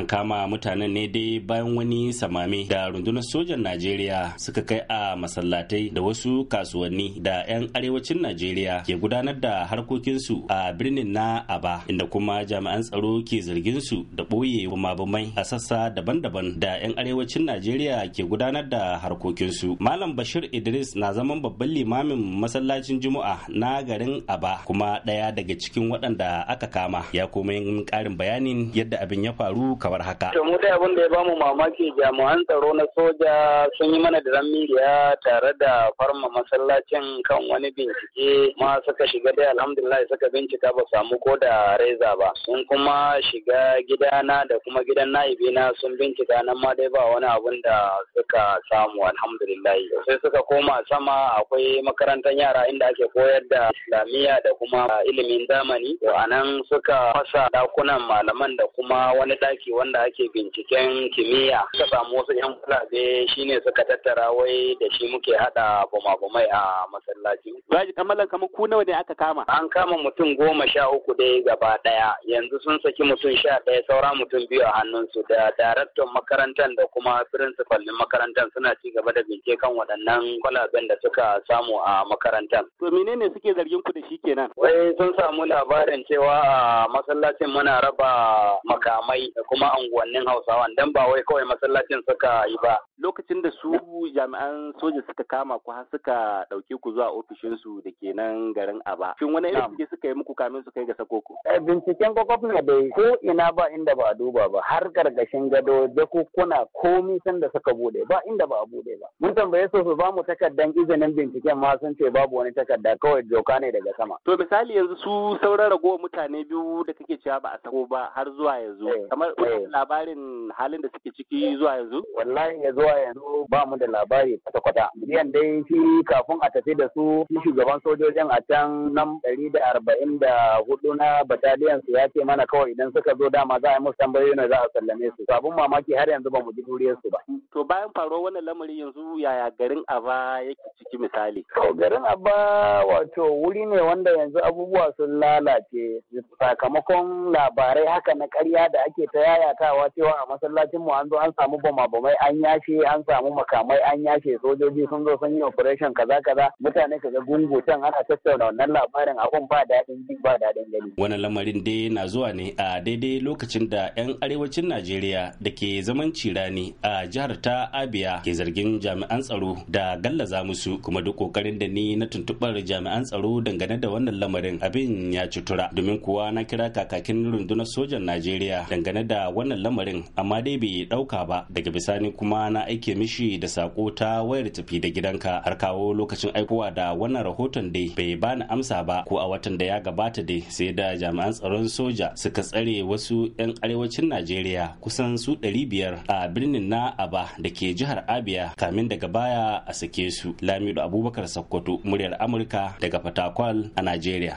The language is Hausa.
an kama mutanen ne dai bayan wani samami da rundunar sojan najeriya suka kai a masallatai da wasu kasuwanni da 'yan arewacin najeriya ke gudanar da harkokinsu a birnin na aba inda kuma jami'an tsaro ke zarginsu da ɓoye mai a sassa daban-daban da 'yan arewacin najeriya ke gudanar da harkokinsu malam bashir idris na zaman babban limamin masallacin juma'a na garin aba kuma ɗaya daga cikin waɗanda aka kama ya kuma yin ƙarin bayanin yadda abin ya faru kamar kamar haka. To mu dai abin da ya bamu mamaki jami'an tsaro na soja sun yi mana da tare da farma masallacin kan wani bincike ma suka shiga dai alhamdulillah suka bincika ba samu ko da reza ba. Sun kuma shiga gidana da kuma gidan na sun bincika nan ma dai ba wani abin da suka samu alhamdulillah. Sai suka koma sama akwai makarantar yara inda ake koyar da islamiyya da kuma ilimin zamani. To anan suka fasa dakunan malaman da kuma wani daki wanda ake binciken kimiyya suka samu wasu yan kulabe shine suka tattara wai da shi muke hada bama-bamai a masallaci. Raji kamalan kamar ku nawa ne aka kama? An kama mutum goma sha uku dai gaba daya yanzu sun saki mutum sha daya saura mutum biyu a hannun su. da daraktan makarantar da kuma firinsifal na makarantar suna ci gaba da bincike kan waɗannan kwalaben da suka samu a makarantar. To menene suke zargin ku da shi kenan? Wai sun samu labarin cewa a masallacin muna raba makamai da kuma unguwannin hausawan dan ba wai kawai masallacin suka yi ba lokacin da su jami'an soja suka kama ku har suka dauke ku zuwa ofishinsu da ke nan garin aba shin wani irin suke suka yi muku kamin su kai ga sako ku eh, binciken kwakwafna bai ko ina ba inda ba a duba ba har gargashin gado kuna komi san da suka bude ba inda ba a bude ba mun tambaye su su ba mu takardan izinin binciken ma sun ce babu wani takarda kawai doka ne daga sama to misali yanzu su sauran ragowar mutane biyu da kake cewa ba a sako ba har zuwa yanzu eh. kamar Eh. labarin halin da suke ciki zuwa yanzu? Wallahi ya zuwa yanzu ba mu da labari kwata-kwata. Miliyan dai shi kafin a tafi da su shi shugaban sojojin a can nan ɗari da arba'in da hudu na bataliyan su ya ce mana kawai idan suka zo dama za a yi musu tambayoyi na za a sallame su. Abun mamaki har yanzu ba mu ji duriyar su ba. To bayan faruwar wannan lamarin yanzu yaya garin Aba yake? ɗauki misali. garin Abba wato wuri ne wanda yanzu abubuwa sun lalace sakamakon labarai haka na karya da ake ta yayatawa cewa a masallacin mu an zo an samu bama-bamai an yashe an samu makamai an yashe sojoji sun zo sun yi operation kaza kaza mutane ka ga gungu can ana tattauna wannan labarin abun ba daɗin ji ba daɗin gani. Wannan lamarin dai na zuwa ne a daidai lokacin da 'yan arewacin Najeriya da ke zaman cirani a jihar ta Abia ke zargin jami'an tsaro da gallaza musu kuma duk kokarin da ni na tuntubar jami'an tsaro dangane da wannan lamarin abin ya cutura. domin kuwa na kira kakakin rundunar sojan najeriya dangane da wannan lamarin amma dai bai dauka ba daga bisani kuma na aike mishi da sako ta wayar tafi da gidanka har kawo lokacin aikowa da wannan rahoton dai bai bani amsa ba ko a watan da ya gabata dai sai da jami'an tsaron soja suka tsare wasu 'yan arewacin najeriya kusan su 500 a birnin na aba da ke jihar abia kamin daga baya a sake su lami lamido abubakar sokoto muryar amurka daga fatakwal a najeriya